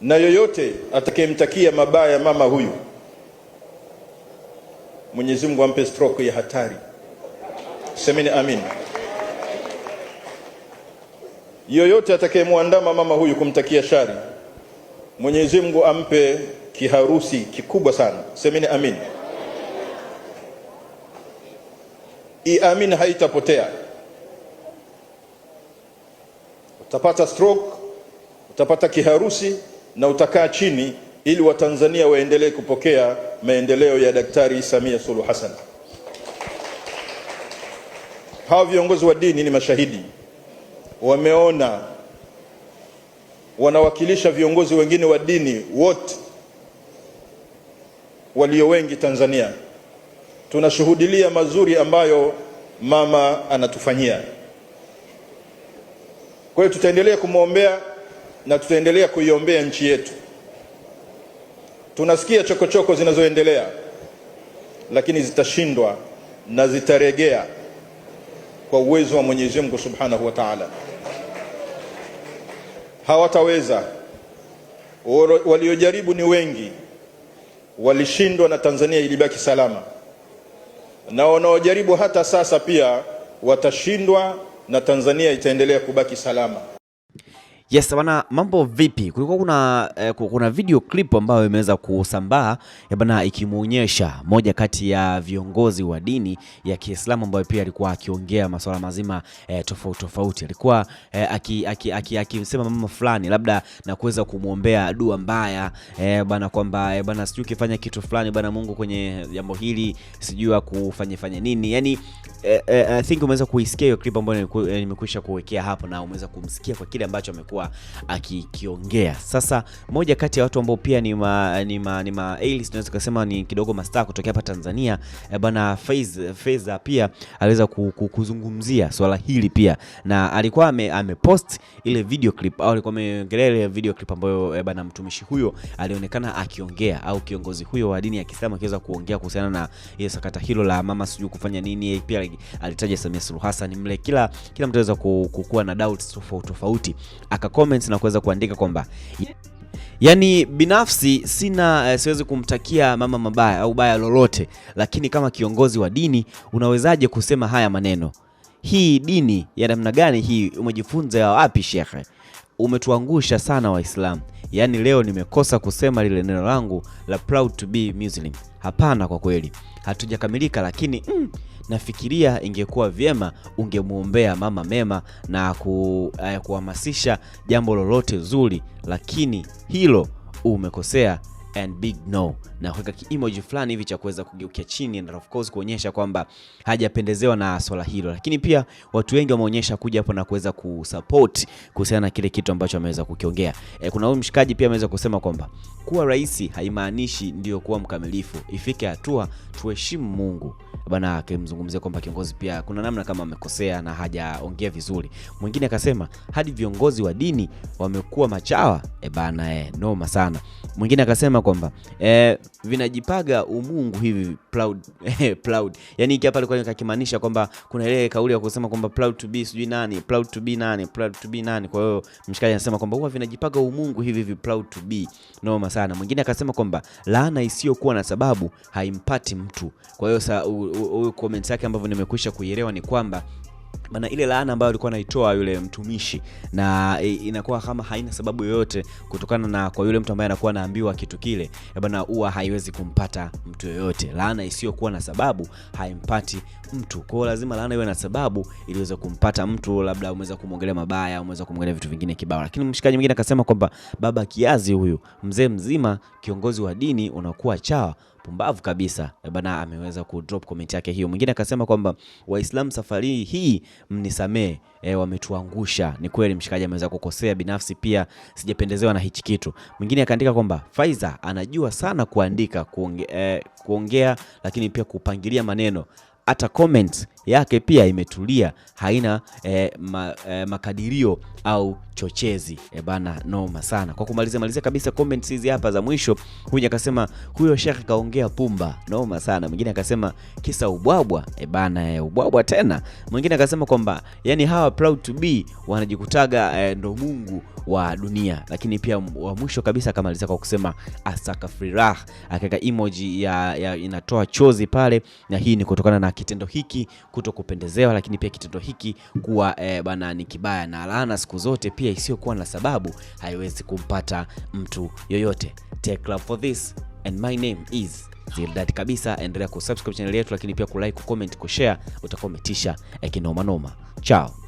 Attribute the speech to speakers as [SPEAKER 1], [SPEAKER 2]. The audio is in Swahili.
[SPEAKER 1] na yoyote atakayemtakia mabaya mama huyu Mwenyezi Mungu ampe stroke ya hatari. Semeni amin. Yoyote atakayemwandama mama huyu kumtakia shari, Mwenyezi Mungu ampe kiharusi kikubwa sana. Semeni amin. Iamin haitapotea. Utapata stroke, utapata kiharusi na utakaa chini ili Watanzania waendelee kupokea maendeleo ya Daktari Samia Suluhu Hassan. Hawa viongozi wa dini ni mashahidi, wameona, wanawakilisha viongozi wengine wa dini wote walio wengi Tanzania. Tunashuhudilia mazuri ambayo mama anatufanyia. Kwa hiyo tutaendelea kumwombea na tutaendelea kuiombea nchi yetu. Tunasikia chokochoko zinazoendelea, lakini zitashindwa na zitaregea kwa uwezo wa Mwenyezi Mungu Subhanahu wa Ta'ala. Hawataweza. Waliojaribu ni wengi, walishindwa na Tanzania ilibaki salama, na wanaojaribu hata sasa pia watashindwa na Tanzania itaendelea kubaki salama.
[SPEAKER 2] Yes, bana mambo vipi? Kulikuwa kuna, eh, kuna video clip ambayo imeweza kusambaa ya bana ikimuonyesha moja kati ya viongozi wa dini ya Kiislamu ambayo pia alikuwa akiongea masuala mazima eh, tofauti tofauti. Alikuwa eh, akisema aki, aki, aki, mama fulani labda na kuweza kumwombea dua mbaya eh, bana kwamba eh, bana sijui ukifanya kitu fulani bana Mungu kwenye jambo hili sijui kufanya fanya nini. Yaani eh, eh, I think umeweza kuisikia hiyo clip ambayo eh, nimekwisha kuwekea hapo na umeweza kumsikia kwa kile ambacho amekuwa alikuwa akikiongea. Sasa moja kati ya watu ambao pia ni ma, ni ma, ni ma A-list tunaweza kusema ni kidogo mastaa kutokea hapa Tanzania eh, bwana Feza pia aliweza kuzungumzia swala hili pia, na alikuwa amepost ame, ile video clip au alikuwa ameongelea ile video clip ambayo eh, bwana mtumishi huyo alionekana akiongea au kiongozi huyo wa dini ya Kiislamu akiweza kuongea kuhusiana na ile sakata hilo la mama sijui kufanya nini. Pia alitaja Samia Suluhu Hassan mle, kila kila mtu aweza kukuwa na doubts tofauti tofauti aka comments na kuweza kuandika kwamba Yaani binafsi sina eh, siwezi kumtakia mama mabaya au baya lolote, lakini kama kiongozi wa dini unawezaje kusema haya maneno? Hii dini ya namna gani hii? Umejifunza ya wapi shekhe? Umetuangusha sana Waislamu. Yaani leo nimekosa kusema lile neno langu la proud to be Muslim. Hapana, kwa kweli hatujakamilika, lakini mm, nafikiria ingekuwa vyema ungemwombea mama mema na ku, uh, kuhamasisha jambo lolote zuri, lakini hilo umekosea and big no, na kuweka kiemoji fulani hivi cha kuweza kugeukia chini na of course kuonyesha kwamba hajapendezewa na swala hilo. Lakini pia watu wengi wameonyesha kuja hapo na kuweza kusupport kuhusiana na kile kitu ambacho ameweza kukiongea. E, kuna huyu mshikaji pia ameweza kusema kwamba kuwa rahisi haimaanishi ndiyo kuwa mkamilifu, ifike hatua tuheshimu Mungu bana akimzungumzia kwamba kiongozi pia kuna namna kama amekosea na hajaongea vizuri. Mwingine akasema hadi viongozi wa dini wamekuwa machawa. E bana, e, noma sana. Mwingine akasema kwamba e, vinajipaga umungu hivi proud, eh, proud. Yani hapa alikuwa akimaanisha kwamba kuna ile kauli ya kusema kwamba proud to be sijui nani, proud to be nani, proud to be nani. Kwa hiyo mshikaji anasema kwamba huwa vinajipaga umungu hivi hivi proud to be. Noma sana. Mwingine akasema kwamba laana isiyokuwa na sababu haimpati mtu. Kwa hiyo comment yake ambavyo nimekwisha kuielewa ni kwamba maana ile laana ambayo alikuwa anaitoa yule mtumishi na e, inakuwa kama haina sababu yoyote, kutokana na kwa yule mtu ambaye anakuwa anaambiwa kitu kile, bana huwa haiwezi kumpata mtu yoyote. Laana isiyokuwa na sababu haimpati mtu, kwa lazima laana iwe na sababu ili kumpata mtu. Labda umeweza kumwongelea mabaya, umeweza kumwongelea vitu vingine kibao. Lakini mshikaji mwingine akasema kwamba baba kiazi huyu mzee mzima, kiongozi wa dini, unakuwa chawa pumbavu kabisa bana. Ameweza ku drop comment yake hiyo. Mwingine akasema kwamba Waislamu safari hii mnisamee, e, eh, wametuangusha. Ni kweli mshikaji ameweza kukosea, binafsi pia sijapendezewa na hichi kitu. Mwingine akaandika kwamba Faiza anajua sana kuandika, kuonge, e, kuongea lakini pia kupangilia maneno hata comment yake pia imetulia, haina e, ma, e, makadirio au chochezi. E bana, noma sana. Kwa kumalizia malizia kabisa comments hizi hapa za mwisho, huyu akasema huyo shekhe kaongea pumba, noma sana. Mwingine akasema kisa ubwabwa. E bana, e, ubwabwa tena. Mwingine akasema kwamba yani hawa proud to be wanajikutaga e, ndo Mungu wa dunia. Lakini pia wa mwisho kabisa akamalizia kwa kusema firah akaweka emoji ya, ya inatoa chozi pale, na hii ni kutokana na kitendo hiki kuto kupendezewa, lakini pia kitendo hiki kuwa e, bana ni kibaya na laana siku zote pia isiyokuwa na sababu haiwezi kumpata mtu yoyote. Take love for this and my name is Zildad kabisa. Endelea kusubscribe channel yetu, lakini pia kulike, kucomment, kushare, utakometisha eh, kinomanoma chao.